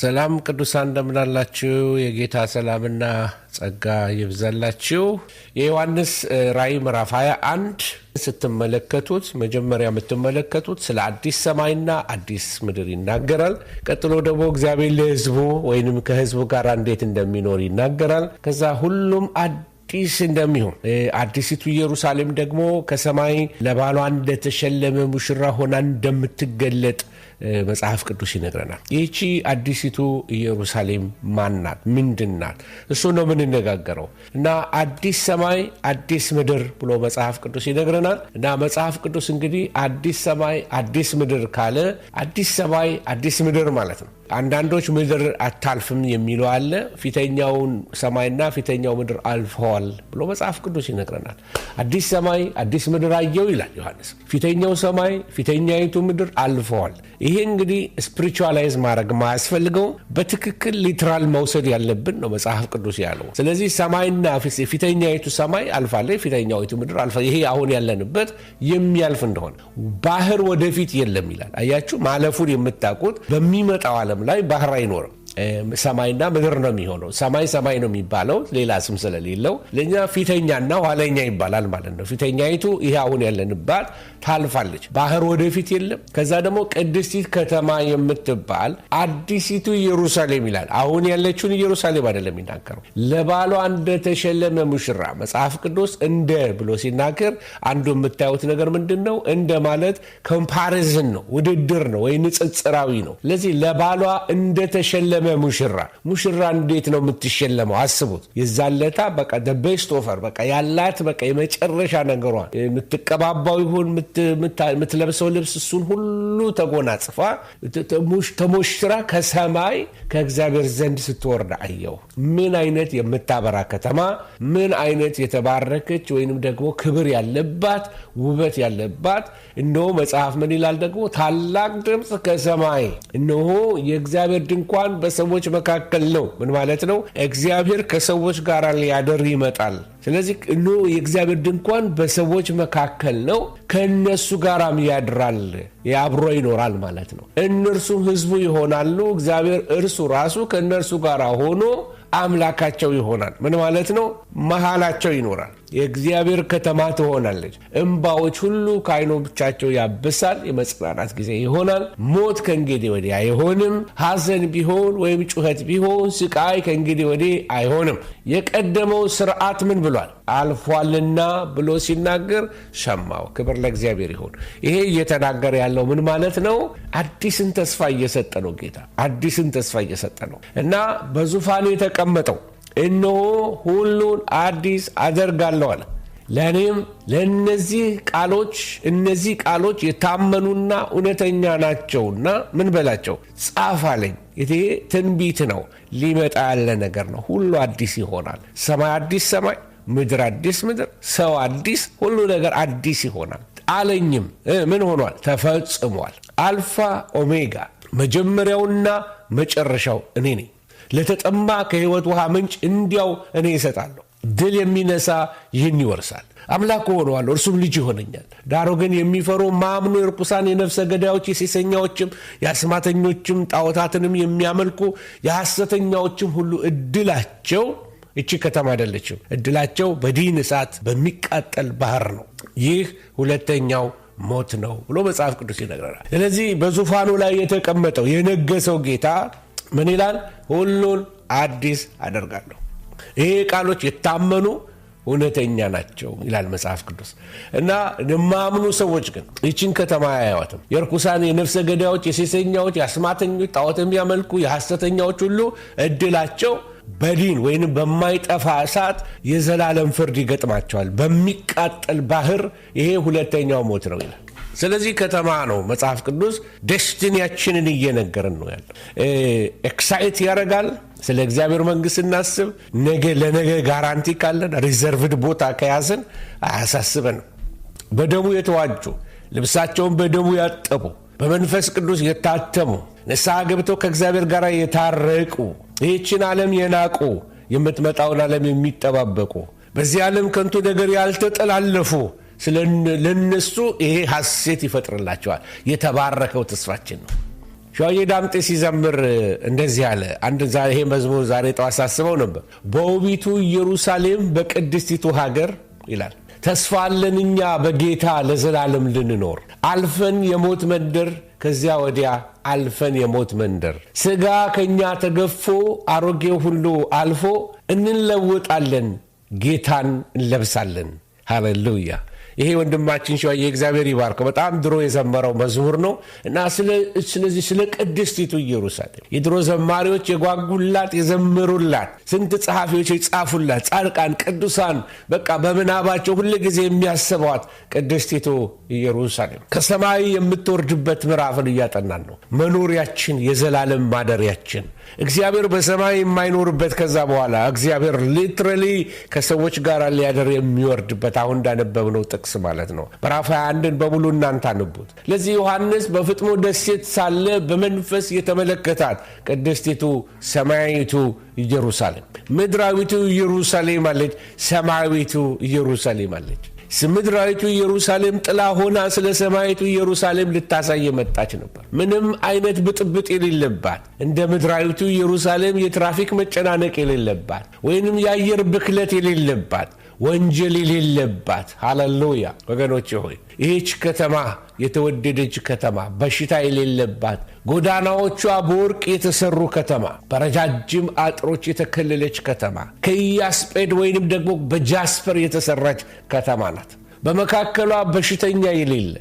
ሰላም ቅዱሳን እንደምናላችሁ። የጌታ ሰላምና ጸጋ ይብዛላችሁ። የዮሐንስ ራይ ምዕራፍ 21 ስትመለከቱት መጀመሪያ የምትመለከቱት ስለ አዲስ ሰማይና አዲስ ምድር ይናገራል። ቀጥሎ ደግሞ እግዚአብሔር ለህዝቡ ወይም ከህዝቡ ጋር እንዴት እንደሚኖር ይናገራል። ከዛ ሁሉም አዲስ እንደሚሆን አዲሲቱ ኢየሩሳሌም ደግሞ ከሰማይ ለባሏ እንደተሸለመ ሙሽራ ሆና እንደምትገለጥ መጽሐፍ ቅዱስ ይነግረናል። ይህቺ አዲሲቱ ኢየሩሳሌም ማናት? ምንድን ናት? እሱ ነው የምንነጋገረው እና አዲስ ሰማይ አዲስ ምድር ብሎ መጽሐፍ ቅዱስ ይነግረናል እና መጽሐፍ ቅዱስ እንግዲህ አዲስ ሰማይ አዲስ ምድር ካለ አዲስ ሰማይ አዲስ ምድር ማለት ነው። አንዳንዶች ምድር አታልፍም የሚለው አለ። ፊተኛውን ሰማይና ፊተኛው ምድር አልፈዋል ብሎ መጽሐፍ ቅዱስ ይነግረናል። አዲስ ሰማይ አዲስ ምድር አየው ይላል ዮሐንስ። ፊተኛው ሰማይ ፊተኛይቱ ምድር አልፈዋል። ይሄ እንግዲህ ስፒሪቹዋላይዝ ማድረግ ማያስፈልገው በትክክል ሊትራል መውሰድ ያለብን ነው መጽሐፍ ቅዱስ ያለው። ስለዚህ ሰማይና ፊተኛይቱ ሰማይ አልፋለ፣ ፊተኛይቱ ምድር አልፋ ይሄ አሁን ያለንበት የሚያልፍ እንደሆነ ባህር ወደፊት የለም ይላል። አያችሁ ማለፉን የምታውቁት በሚመጣው አለም ዓለም ላይ ባህር አይኖርም። ሰማይና ምድር ነው የሚሆነው። ሰማይ ሰማይ ነው የሚባለው ሌላ ስም ስለሌለው ለእኛ ፊተኛና ኋለኛ ይባላል ማለት ነው። ፊተኛይቱ ይሄ አሁን ያለንባት ታልፋለች። ባህር ወደፊት የለም። ከዛ ደግሞ ቅድስቲት ከተማ የምትባል አዲሲቱ ኢየሩሳሌም ይላል። አሁን ያለችውን ኢየሩሳሌም አይደለም የሚናገረው። ለባሏ እንደተሸለመ ሙሽራ መጽሐፍ ቅዱስ እንደ ብሎ ሲናገር አንዱ የምታዩት ነገር ምንድን ነው? እንደ ማለት ኮምፓሪዝን ነው፣ ውድድር ነው ወይ ንጽጽራዊ ነው። ለዚህ ለባሏ እንደተሸለመ ሙሽራ ሙሽራ እንዴት ነው የምትሸለመው? አስቡት። የዛለታ በቃ ደቤስት ኦፈር በቃ ያላት በቃ የመጨረሻ ነገሯ የምትቀባባው ይሁን የምትለብሰው ልብስ እሱን ሁሉ ተጎናጽፋ ተሞሽራ ከሰማይ ከእግዚአብሔር ዘንድ ስትወርድ አየው ምን አይነት የምታበራ ከተማ፣ ምን አይነት የተባረከች ወይንም ደግሞ ክብር ያለባት ውበት ያለባት። እነሆ መጽሐፍ ምን ይላል ደግሞ ታላቅ ድምፅ ከሰማይ እነሆ የእግዚአብሔር ድንኳን በሰዎች መካከል ነው። ምን ማለት ነው? እግዚአብሔር ከሰዎች ጋር ሊያደር ይመጣል። ስለዚህ ኑ የእግዚአብሔር ድንኳን በሰዎች መካከል ነው፣ ከእነሱ ጋራም ያድራል፣ የአብሮ ይኖራል ማለት ነው። እነርሱም ህዝቡ ይሆናሉ። እግዚአብሔር እርሱ ራሱ ከእነርሱ ጋር ሆኖ አምላካቸው ይሆናል። ምን ማለት ነው? መሃላቸው ይኖራል። የእግዚአብሔር ከተማ ትሆናለች። እምባዎች ሁሉ ከዓይኖቻቸው ያብሳል። የመጽናናት ጊዜ ይሆናል። ሞት ከእንግዲህ ወዲህ አይሆንም። ሐዘን ቢሆን ወይም ጩኸት ቢሆን ስቃይ ከእንግዲህ ወዲህ አይሆንም። የቀደመው ስርዓት ምን ብሏል? አልፏልና ብሎ ሲናገር ሰማው። ክብር ለእግዚአብሔር ይሁን። ይሄ እየተናገረ ያለው ምን ማለት ነው? አዲስን ተስፋ እየሰጠ ነው ጌታ። አዲስን ተስፋ እየሰጠ ነው እና በዙፋን የተቀመጠው እነሆ ሁሉን አዲስ አደርጋለሁ አለ። ለእኔም ለእነዚህ ቃሎች እነዚህ ቃሎች የታመኑና እውነተኛ ናቸውና ምን በላቸው ጻፍ አለኝ። ይሄ ትንቢት ነው። ሊመጣ ያለ ነገር ነው። ሁሉ አዲስ ይሆናል። ሰማይ አዲስ ሰማይ፣ ምድር አዲስ ምድር፣ ሰው አዲስ፣ ሁሉ ነገር አዲስ ይሆናል አለኝም። ምን ሆኗል? ተፈጽሟል። አልፋ ኦሜጋ መጀመሪያውና መጨረሻው እኔ ነኝ። ለተጠማ ከህይወት ውሃ ምንጭ እንዲያው እኔ ይሰጣለሁ ድል የሚነሳ ይህን ይወርሳል። አምላክ ሆነዋለሁ፣ እርሱም ልጅ ይሆነኛል። ዳሩ ግን የሚፈሩ ማምኑ የርኩሳን የነፍሰ ገዳዮች፣ የሴሰኛዎችም፣ የአስማተኞችም፣ ጣዖታትንም የሚያመልኩ የሐሰተኛዎችም ሁሉ እድላቸው እቺ ከተማ አይደለችም። እድላቸው በዲን እሳት በሚቃጠል ባህር ነው። ይህ ሁለተኛው ሞት ነው ብሎ መጽሐፍ ቅዱስ ይነግረናል። ስለዚህ በዙፋኑ ላይ የተቀመጠው የነገሰው ጌታ ምን ይላል? ሁሉን አዲስ አደርጋለሁ። ይሄ ቃሎች የታመኑ እውነተኛ ናቸው ይላል መጽሐፍ ቅዱስ። እና የማያምኑ ሰዎች ግን ይችን ከተማ አያዋትም። የርኩሳን፣ የነፍሰ ገዳዮች፣ የሴሰኛዎች፣ የአስማተኞች፣ ጣዖት የሚያመልኩ የሐሰተኛዎች ሁሉ እድላቸው በዲን ወይም በማይጠፋ እሳት የዘላለም ፍርድ ይገጥማቸዋል፣ በሚቃጠል ባህር። ይሄ ሁለተኛው ሞት ነው ይላል። ስለዚህ ከተማ ነው መጽሐፍ ቅዱስ ደስቲኒያችንን እየነገረን ነው ያለ ኤክሳይት ያደርጋል። ስለ እግዚአብሔር መንግስት እናስብ። ነገ ለነገ ጋራንቲ ካለን ሪዘርቭድ ቦታ ከያዝን አያሳስበንም። በደሙ የተዋጁ ልብሳቸውን በደሙ ያጠቡ በመንፈስ ቅዱስ የታተሙ ንስሐ ገብተው ከእግዚአብሔር ጋር የታረቁ ይህችን ዓለም የናቁ የምትመጣውን ዓለም የሚጠባበቁ በዚህ ዓለም ከንቱ ነገር ያልተጠላለፉ ለነሱ ይሄ ሀሴት ይፈጥርላቸዋል። የተባረከው ተስፋችን ነው። ሸዋዬ ዳምጤ ሲዘምር እንደዚህ አለ። አንድ ይሄ መዝሙር ዛሬ ጠዋት ሳስበው ነበር። በውቢቱ ኢየሩሳሌም በቅድስቲቱ ሀገር ይላል ተስፋ አለን እኛ በጌታ ለዘላለም ልንኖር አልፈን የሞት መንደር ከዚያ ወዲያ አልፈን የሞት መንደር ሥጋ ከእኛ ተገፎ አሮጌ ሁሉ አልፎ እንለወጣለን ጌታን እንለብሳለን። ሃሌሉያ ይሄ ወንድማችን ሸዋዬ እግዚአብሔር ይባርከው በጣም ድሮ የዘመረው መዝሙር ነው እና ስለዚህ ስለ ቅድስቲቱ ኢየሩሳሌም የድሮ ዘማሪዎች የጓጉላት የዘምሩላት፣ ስንት ጸሐፊዎች የጻፉላት፣ ጻድቃን ቅዱሳን በቃ በምናባቸው ሁል ጊዜ የሚያስቧት ቅድስቲቱ ኢየሩሳሌም ከሰማይ የምትወርድበት ምዕራፍን እያጠናን ነው። መኖሪያችን የዘላለም ማደሪያችን እግዚአብሔር በሰማይ የማይኖርበት ከዛ በኋላ እግዚአብሔር ሊትራሊ ከሰዎች ጋር ሊያደር የሚወርድበት አሁን እንዳነበብነው ጥቅስ ማለት ነው። ምዕራፍ 21ን በሙሉ እናንተ አንቡት። ለዚህ ዮሐንስ በፍጥሞ ደሴት ሳለ በመንፈስ የተመለከታት ቅድስቲቱ ሰማያዊቱ ኢየሩሳሌም፣ ምድራዊቱ ኢየሩሳሌም አለች፣ ሰማያዊቱ ኢየሩሳሌም አለች። ምድራዊቱ ኢየሩሳሌም ጥላ ሆና ስለ ሰማይቱ ኢየሩሳሌም ልታሳይ የመጣች ነበር። ምንም አይነት ብጥብጥ የሌለባት እንደ ምድራዊቱ ኢየሩሳሌም የትራፊክ መጨናነቅ የሌለባት ወይንም የአየር ብክለት የሌለባት ወንጀል የሌለባት ሃሌሉያ ወገኖች ሆይ ይህች ከተማ የተወደደች ከተማ በሽታ የሌለባት ጎዳናዎቿ በወርቅ የተሰሩ ከተማ በረጃጅም አጥሮች የተከለለች ከተማ ከኢያስጴድ ወይንም ደግሞ በጃስፐር የተሰራች ከተማ ናት በመካከሏ በሽተኛ የሌለ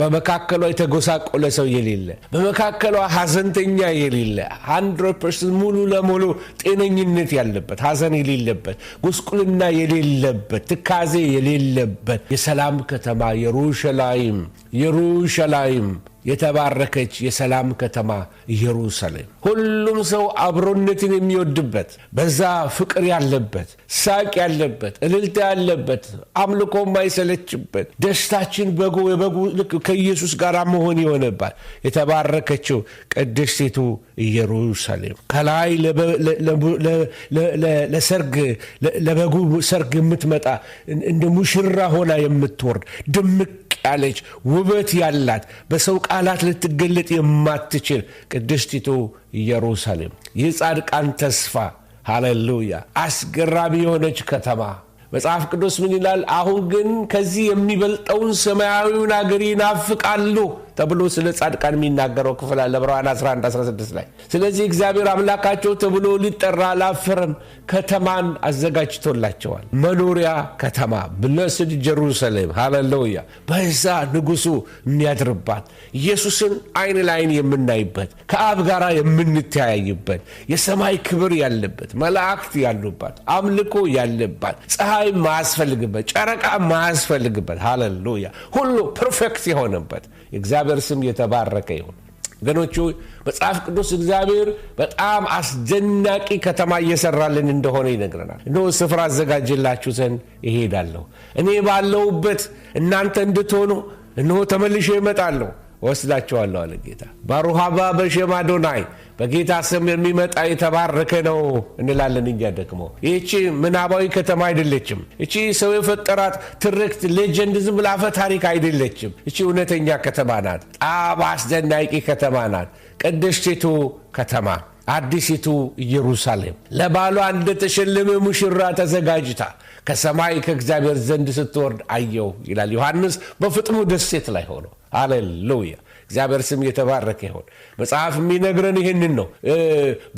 በመካከሏ የተጎሳቆለ ሰው የሌለ በመካከሏ ሀዘንተኛ የሌለ ሀንድረድ ፐርሰንት ሙሉ ለሙሉ ጤነኝነት ያለበት ሀዘን የሌለበት ጉስቁልና የሌለበት ትካዜ የሌለበት የሰላም ከተማ የሩሸላይም የሩሸላይም የተባረከች የሰላም ከተማ ኢየሩሳሌም ሁሉም ሰው አብሮነትን የሚወድበት በዛ ፍቅር ያለበት ሳቅ ያለበት እልልታ ያለበት አምልኮ የማይሰለችበት ደስታችን በጎ የበጉ ከኢየሱስ ጋር መሆን ይሆነባል። የተባረከችው ቅድስቲቱ ኢየሩሳሌም ከላይ ለሰርግ ለበጉ ሰርግ የምትመጣ እንደ ሙሽራ ሆና የምትወርድ ድምቅ ያለች ውበት ያላት በሰው ቃላት ልትገለጥ የማትችል ቅድስቲቱ ኢየሩሳሌም የጻድቃን ተስፋ ሃሌሉያ! አስገራሚ የሆነች ከተማ መጽሐፍ ቅዱስ ምን ይላል? አሁን ግን ከዚህ የሚበልጠውን ሰማያዊውን አገር ይናፍቃሉ ተብሎ ስለ ጻድቃን የሚናገረው ክፍል አለ ዕብራውያን 11 16 ላይ። ስለዚህ እግዚአብሔር አምላካቸው ተብሎ ሊጠራ ላፈረም ከተማን አዘጋጅቶላቸዋል። መኖሪያ ከተማ ብለስድ ጀሩሳሌም፣ ሃሌሉያ። በዛ ንጉሱ የሚያድርባት ኢየሱስን አይን ላይን የምናይበት ከአብ ጋር የምንተያይበት የሰማይ ክብር ያለበት መላእክት ያሉባት አምልኮ ያለባት ፀሐይ ማያስፈልግበት ጨረቃ ማያስፈልግበት ሃሌሉያ ሁሉ ፐርፌክት የሆነበት የእግዚአብሔር ስም የተባረከ ይሁን። ገኖቹ መጽሐፍ ቅዱስ እግዚአብሔር በጣም አስደናቂ ከተማ እየሰራልን እንደሆነ ይነግረናል። እንሆ ስፍራ አዘጋጅላችሁ ዘንድ ይሄዳለሁ እኔ ባለውበት እናንተ እንድትሆኑ እንሆ ተመልሼ ይመጣለሁ ወስዳቸዋለሁ አለ ጌታ። ባሩሃባ በሼም አዶናይ በጌታ ስም የሚመጣ የተባረከ ነው እንላለን እኛ። ደግሞ ይቺ ምናባዊ ከተማ አይደለችም። እቺ ሰው የፈጠራት ትርክት፣ ሌጀንድ፣ ዝም ብላ አፈ ታሪክ አይደለችም። እቺ እውነተኛ ከተማ ናት። ጣብ አስደናቂ ከተማ ናት። ቅድስቲቱ ከተማ አዲሲቱ ኢየሩሳሌም ለባሏ እንደተሸለመ ሙሽራ ተዘጋጅታ ከሰማይ ከእግዚአብሔር ዘንድ ስትወርድ አየው ይላል ዮሐንስ በፍጥሙ ደሴት ላይ ሆኖ። አሌሉያ! እግዚአብሔር ስም የተባረከ ይሆን። መጽሐፍ የሚነግረን ይህንን ነው።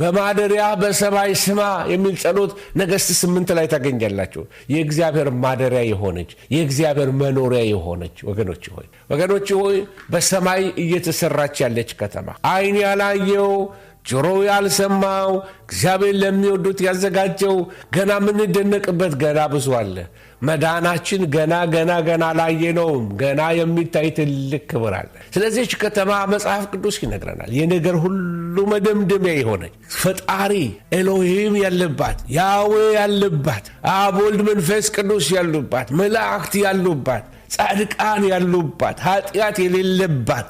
በማደሪያ በሰማይ ስማ የሚል ጸሎት ነገስት ስምንት ላይ ታገኛላችሁ። የእግዚአብሔር ማደሪያ የሆነች የእግዚአብሔር መኖሪያ የሆነች ወገኖች ሆይ ወገኖች ሆይ በሰማይ እየተሰራች ያለች ከተማ አይን ያላየው ጆሮ ያልሰማው እግዚአብሔር ለሚወዱት ያዘጋጀው ገና የምንደነቅበት ገና ብዙ አለ። መዳናችን ገና ገና ገና አላየነውም። ገና የሚታይ ትልቅ ክብር አለ። ስለዚች ከተማ መጽሐፍ ቅዱስ ይነግረናል። የነገር ሁሉ መደምደሚያ የሆነች ፈጣሪ ኤሎሂም ያለባት፣ ያዌ ያለባት፣ አብ፣ ወልድ፣ መንፈስ ቅዱስ ያሉባት፣ መላእክት ያሉባት ጻድቃን ያሉባት ኃጢአት የሌለባት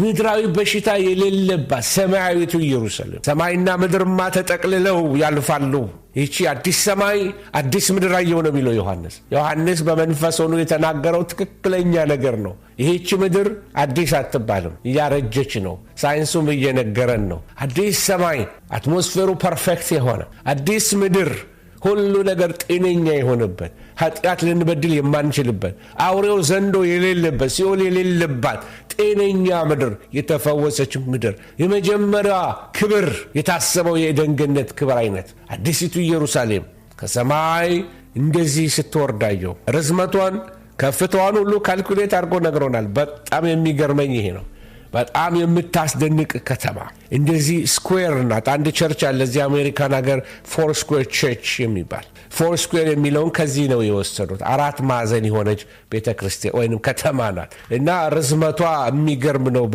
ምድራዊ በሽታ የሌለባት ሰማያዊቱ ኢየሩሳሌም ሰማይና ምድርማ ተጠቅልለው ያልፋሉ። ይቺ አዲስ ሰማይ አዲስ ምድር አየሁ ነው የሚለው ዮሐንስ። ዮሐንስ በመንፈስ ሆኖ የተናገረው ትክክለኛ ነገር ነው። ይህች ምድር አዲስ አትባልም፣ እያረጀች ነው። ሳይንሱም እየነገረን ነው። አዲስ ሰማይ አትሞስፌሩ ፐርፌክት የሆነ አዲስ ምድር ሁሉ ነገር ጤነኛ የሆነበት ኃጢአት ልንበድል የማንችልበት አውሬው ዘንዶ የሌለበት ሲኦል የሌለባት ጤነኛ ምድር የተፈወሰች ምድር የመጀመሪያ ክብር የታሰበው የደንገነት ክብር አይነት አዲሲቱ ኢየሩሳሌም ከሰማይ እንደዚህ ስትወርዳየው ርዝመቷን ከፍታዋን ሁሉ ካልኩሌት አድርጎ ነግሮናል። በጣም የሚገርመኝ ይሄ ነው። በጣም የምታስደንቅ ከተማ እንደዚህ ስኩዌር ናት። አንድ ቸርች አለ እዚህ አሜሪካን ሀገር ፎር ስኩዌር ቸርች የሚባል ፎር ስኩዌር የሚለውን ከዚህ ነው የወሰዱት። አራት ማዕዘን የሆነች ቤተክርስቲያን ወይም ከተማ ናት እና ርዝመቷ የሚገርም ነው።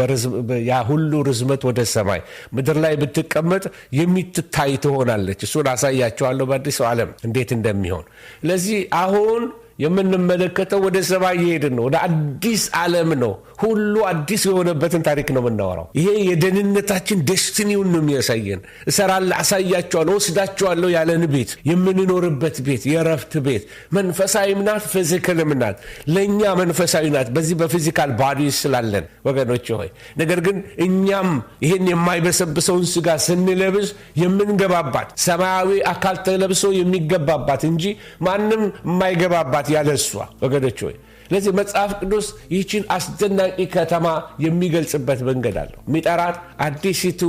ያ ሁሉ ርዝመት ወደ ሰማይ ምድር ላይ ብትቀመጥ የሚትታይ ትሆናለች። እሱን አሳያቸዋለሁ በአዲስ ዓለም እንዴት እንደሚሆን። ስለዚህ አሁን የምንመለከተው ወደ ሰማይ እየሄድን ነው። ወደ አዲስ ዓለም ነው። ሁሉ አዲስ የሆነበትን ታሪክ ነው የምናወራው። ይሄ የደህንነታችን ደስትኒውን ነው የሚያሳየን። እሰራለሁ፣ አሳያቸዋለሁ፣ ወስዳቸዋለሁ ያለን ቤት፣ የምንኖርበት ቤት፣ የረፍት ቤት መንፈሳዊም ናት፣ ፊዚካልም ናት። ለእኛ መንፈሳዊ ናት በዚህ በፊዚካል ባዲ ስላለን ወገኖች ሆይ። ነገር ግን እኛም ይህን የማይበሰብሰውን ስጋ ስንለብስ የምንገባባት ሰማያዊ አካል ተለብሶ የሚገባባት እንጂ ማንም የማይገባባት ያለ እሷ ወገኖች ወይ ለዚህ መጽሐፍ ቅዱስ ይህችን አስደናቂ ከተማ የሚገልጽበት መንገድ አለው። የሚጠራት አዲሲቱ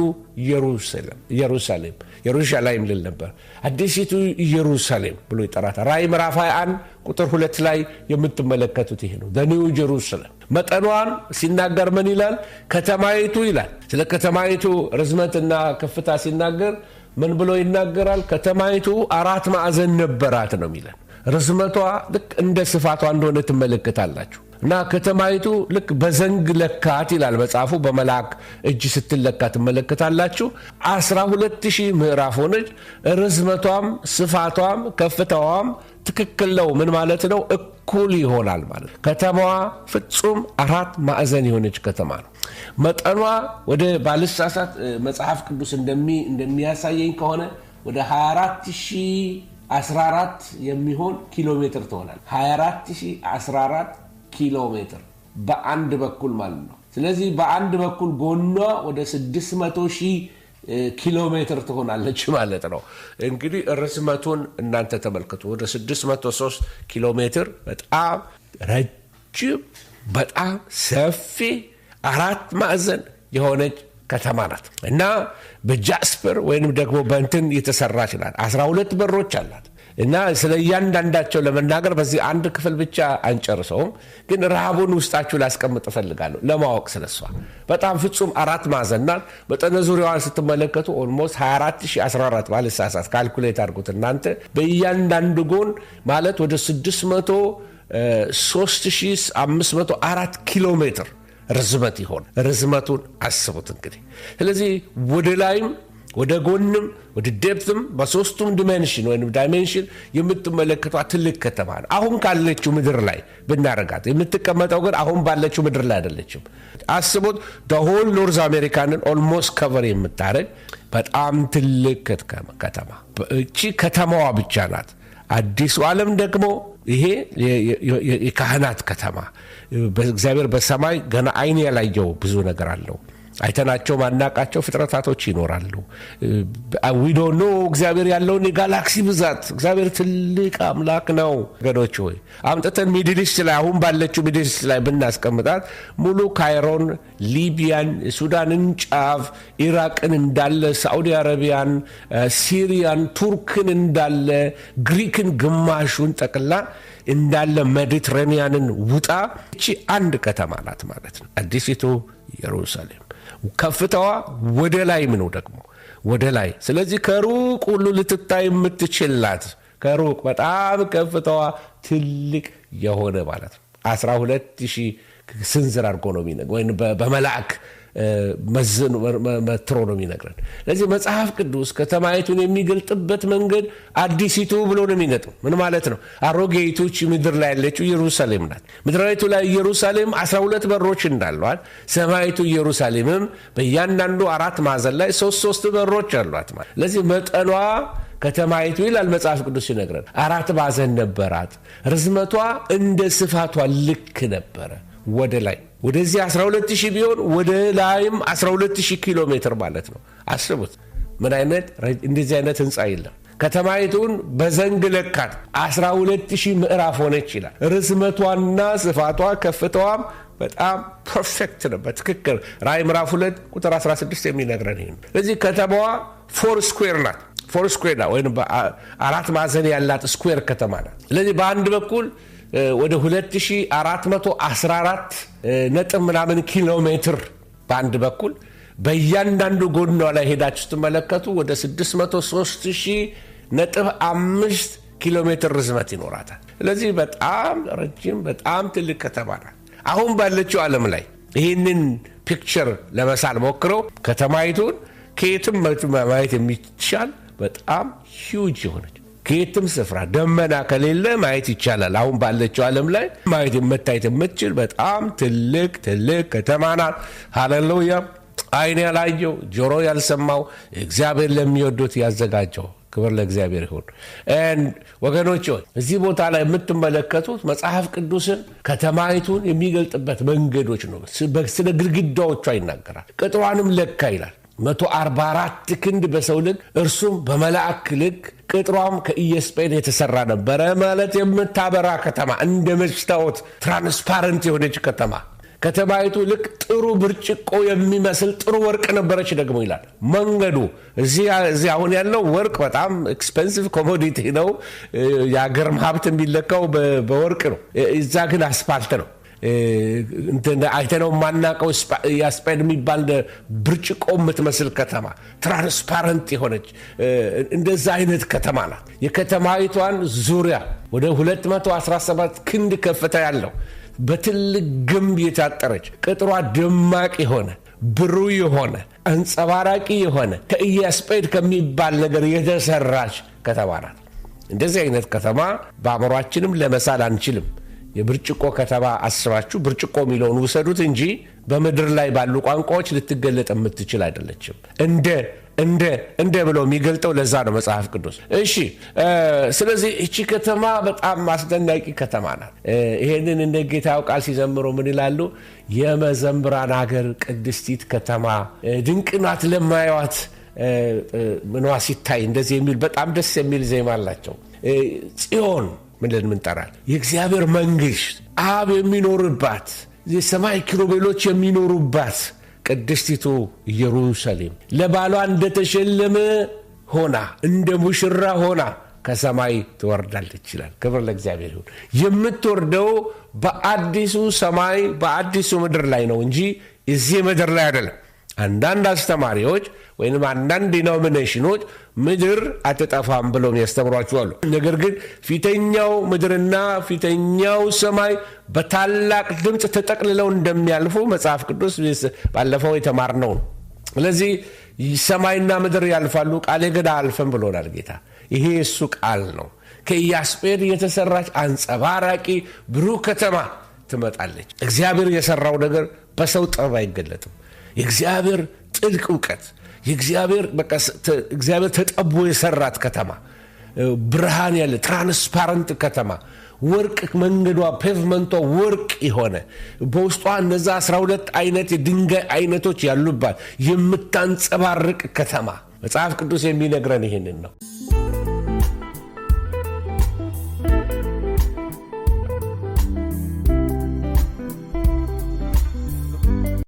ኢየሩሳሌም ኢየሩሻላይም ልል ነበር፣ አዲሲቱ ኢየሩሳሌም ብሎ ይጠራታል። ራይ ምዕራፍ 21 ቁጥር ሁለት ላይ የምትመለከቱት ይሄ ነው። ኒው ጀሩሳሌም መጠኗን ሲናገር ምን ይላል? ከተማይቱ ይላል። ስለ ከተማይቱ ርዝመትና ከፍታ ሲናገር ምን ብሎ ይናገራል? ከተማይቱ አራት ማዕዘን ነበራት ነው የሚለን ርዝመቷ ልክ እንደ ስፋቷ እንደሆነ ትመለከታላችሁ። እና ከተማይቱ ልክ በዘንግ ለካት ይላል መጽሐፉ። በመልአክ እጅ ስትለካ ትመለከታላችሁ። 12000 ምዕራፍ ሆነች። ርዝመቷም ስፋቷም ከፍታዋም ትክክል ነው። ምን ማለት ነው? እኩል ይሆናል ማለት ከተማዋ ፍጹም አራት ማዕዘን የሆነች ከተማ ነው። መጠኗ ወደ ባልሳሳት መጽሐፍ ቅዱስ እንደሚያሳየኝ ከሆነ ወደ 24000 14 የሚሆን ኪሎ ሜትር ትሆናል። 24014 ኪሎ ሜትር በአንድ በኩል ማለት ነው። ስለዚህ በአንድ በኩል ጎኗ ወደ 600 ሺህ ኪሎ ሜትር ትሆናለች ማለት ነው። እንግዲህ ርዝመቱን እናንተ ተመልከቱ። ወደ 603 ኪሎ ሜትር በጣም ረጅም፣ በጣም ሰፊ አራት ማዕዘን የሆነች ከተማ ናት እና በጃስፐር ወይም ደግሞ በእንትን የተሰራች ናት። ሁለት በሮች አላት እና ስለ እያንዳንዳቸው ለመናገር በዚህ አንድ ክፍል ብቻ አንጨርሰውም፣ ግን ረሃቡን ውስጣችሁ ላስቀምጥ እፈልጋለሁ ለማወቅ ስለሷ። በጣም ፍጹም አራት ማዕዘን ናት። መጠነ ዙሪያዋን ስትመለከቱ ኦልሞስት 24014 ማለት ሳሳት ካልኩሌት አድርጉት እናንተ በእያንዳንዱ ጎን ማለት ወደ 600 ኪሎ ሜትር ርዝመት ይሆን። ርዝመቱን አስቡት እንግዲህ። ስለዚህ ወደ ላይም ወደ ጎንም ወደ ዴፕትም በሶስቱም ዲሜንሽን ወይም ዳይሜንሽን የምትመለከቷ ትልቅ ከተማ ነው። አሁን ካለችው ምድር ላይ ብናረጋት የምትቀመጠው ግን አሁን ባለችው ምድር ላይ አይደለችም። አስቡት ሆል ኖርዝ አሜሪካንን ኦልሞስት ከቨር የምታደርግ በጣም ትልቅ ከተማ። እቺ ከተማዋ ብቻ ናት። አዲሱ ዓለም ደግሞ ይሄ የካህናት ከተማ እግዚአብሔር በሰማይ ገና አይን ያላየው ብዙ ነገር አለው። አይተናቸው ማናቃቸው ፍጥረታቶች ይኖራሉ። ዊዶ ኖ እግዚአብሔር ያለውን የጋላክሲ ብዛት እግዚአብሔር ትልቅ አምላክ ነው። ገዶች ወይ አምጥተን ሚድልስ ላይ አሁን ባለችው ሚድልስ ላይ ብናስቀምጣት ሙሉ ካይሮን፣ ሊቢያን፣ ሱዳንን ጫፍ፣ ኢራቅን እንዳለ፣ ሳዑዲ አረቢያን፣ ሲሪያን፣ ቱርክን እንዳለ፣ ግሪክን ግማሹን ጠቅላ እንዳለ ሜዲትሬኒያንን ውጣ። እቺ አንድ ከተማ ናት ማለት ነው፣ አዲሲቱ ኢየሩሳሌም። ከፍታዋ ወደ ላይም ነው ደግሞ ወደ ላይ። ስለዚህ ከሩቅ ሁሉ ልትታይ የምትችላት ከሩቅ በጣም ከፍታዋ ትልቅ የሆነ ማለት ነው። 12 ሺህ ስንዝር አድርጎ ነው ወይም በመላእክ መትሮ ነው የሚነግረን። ለዚህ መጽሐፍ ቅዱስ ከተማይቱን የሚገልጥበት መንገድ አዲሲቱ ብሎ ነው የሚገጥም። ምን ማለት ነው? አሮጌቶች ምድር ላይ ያለችው ኢየሩሳሌም ናት። ምድራዊቱ ላይ ኢየሩሳሌም 12 በሮች እንዳሏት ሰማይቱ ኢየሩሳሌምም በእያንዳንዱ አራት ማዕዘን ላይ ሶስት ሶስት በሮች አሏት ማለት መጠኗ ከተማይቱ ይላል መጽሐፍ ቅዱስ ይነግረን አራት ማዕዘን ነበራት። ርዝመቷ እንደ ስፋቷ ልክ ነበረ። ወደ ላይ ወደዚህ 120 ቢሆን ወደ ላይም 120 ኪሎ ሜትር ማለት ነው። አስቡት ምን አይነት እንደዚህ አይነት ህንፃ የለም። ከተማይቱን በዘንግ ለካት 120 ምዕራፍ ሆነች ይላል። ርዝመቷና ስፋቷ ከፍተዋም በጣም ፐርፌክት ነው። በትክክል ራይ ምዕራፍ 2 ቁጥር 16 የሚነግረን ይህ። ስለዚህ ከተማዋ ፎር ስኩዌር ናት። ፎር ስኩዌር ወይም አራት ማዕዘን ያላት ስኩዌር ከተማ ናት። ስለዚህ በአንድ በኩል ወደ 2414 ነጥብ ምናምን ኪሎ ሜትር በአንድ በኩል በእያንዳንዱ ጎኗ ላይ ሄዳችሁ ስትመለከቱ ወደ 630 ነጥብ አምስት ኪሎ ሜትር ርዝመት ይኖራታል። ስለዚህ በጣም ረጅም በጣም ትልቅ ከተማ ናት። አሁን ባለችው ዓለም ላይ ይህንን ፒክቸር ለመሳል ሞክረው ከተማይቱን ከየትም ማየት የሚቻል በጣም ሂውጅ የሆነች ከየትም ስፍራ ደመና ከሌለ ማየት ይቻላል። አሁን ባለችው ዓለም ላይ ማየት መታየት የምትችል በጣም ትልቅ ትልቅ ከተማ ናት። ሃሌሉያ! አይን ያላየው ጆሮ ያልሰማው እግዚአብሔር ለሚወዱት ያዘጋጀው ክብር ለእግዚአብሔር ይሁን። ወገኖች እዚህ ቦታ ላይ የምትመለከቱት መጽሐፍ ቅዱስን ከተማይቱን የሚገልጥበት መንገዶች ነው። ስለ ግድግዳዎቿ ይናገራል። ቅጥሯንም ለካ ይላል 144 ክንድ በሰው ልክ እርሱም በመላእክ ልክ ቅጥሯም ከኢየስጴን የተሰራ ነበረ። ማለት የምታበራ ከተማ እንደ መስታወት ትራንስፓረንት የሆነች ከተማ ከተማይቱ ልክ ጥሩ ብርጭቆ የሚመስል ጥሩ ወርቅ ነበረች። ደግሞ ይላል መንገዱ እዚህ አሁን ያለው ወርቅ በጣም ኤክስፐንሲቭ ኮሞዲቲ ነው። የአገርም ሀብት የሚለካው በወርቅ ነው። እዛ ግን አስፓልት ነው። አይተነው ማናቀው ያስፓይድ የሚባል ብርጭቆ የምትመስል ከተማ ትራንስፓረንት የሆነች እንደዛ አይነት ከተማ ናት። የከተማዊቷን ዙሪያ ወደ 217 ክንድ ከፍታ ያለው በትልቅ ግንብ የታጠረች ቅጥሯ ደማቅ የሆነ ብሩ የሆነ አንጸባራቂ የሆነ ከኢያስጴድ ከሚባል ነገር የተሰራች ከተማ ናት። እንደዚህ አይነት ከተማ በአእምሯችንም ለመሳል አንችልም። የብርጭቆ ከተማ አስባችሁ ብርጭቆ የሚለውን ውሰዱት እንጂ በምድር ላይ ባሉ ቋንቋዎች ልትገለጥ የምትችል አይደለችም። እንደ እንደ እንደ ብለው የሚገልጠው ለዛ ነው መጽሐፍ ቅዱስ። እሺ፣ ስለዚህ እቺ ከተማ በጣም አስደናቂ ከተማ ናት። ይሄንን እንደ ጌታው ቃል ሲዘምሩ ምን ይላሉ? የመዘምራን ሀገር ቅድስቲት ከተማ ድንቅ ናት ለማየዋት ምኗ ሲታይ እንደዚህ የሚል በጣም ደስ የሚል ዜማ አላቸው ጽዮን ብለን ምንጠራል። የእግዚአብሔር መንግሥት አብ የሚኖርባት የሰማይ ኪሩቤሎች የሚኖሩባት ቅድስቲቱ ኢየሩሳሌም ለባሏ እንደተሸለመ ሆና እንደ ሙሽራ ሆና ከሰማይ ትወርዳለች ይላል። ክብር ለእግዚአብሔር ይሁን። የምትወርደው በአዲሱ ሰማይ በአዲሱ ምድር ላይ ነው እንጂ እዚህ ምድር ላይ አይደለም። አንዳንድ አስተማሪዎች ወይም አንዳንድ ዲኖሚኔሽኖች ምድር አትጠፋም ብለው ያስተምሯቸዋሉ። ነገር ግን ፊተኛው ምድርና ፊተኛው ሰማይ በታላቅ ድምፅ ተጠቅልለው እንደሚያልፉ መጽሐፍ ቅዱስ ባለፈው የተማርነው ነው። ስለዚህ ሰማይና ምድር ያልፋሉ፣ ቃሌ ግን አልፈን ብሎናል ጌታ። ይሄ እሱ ቃል ነው። ከኢያስጴድ የተሰራች አንጸባራቂ ብሩህ ከተማ ትመጣለች። እግዚአብሔር የሰራው ነገር በሰው ጥበብ አይገለጥም። የእግዚአብሔር ጥልቅ እውቀት እግዚአብሔር ተጠቦ የሰራት ከተማ፣ ብርሃን ያለ ትራንስፓረንት ከተማ፣ ወርቅ መንገዷ ፔቭመንቷ ወርቅ የሆነ በውስጧ እነዛ 12 አይነት የድንጋይ አይነቶች ያሉባት የምታንጸባርቅ ከተማ መጽሐፍ ቅዱስ የሚነግረን ይህንን ነው።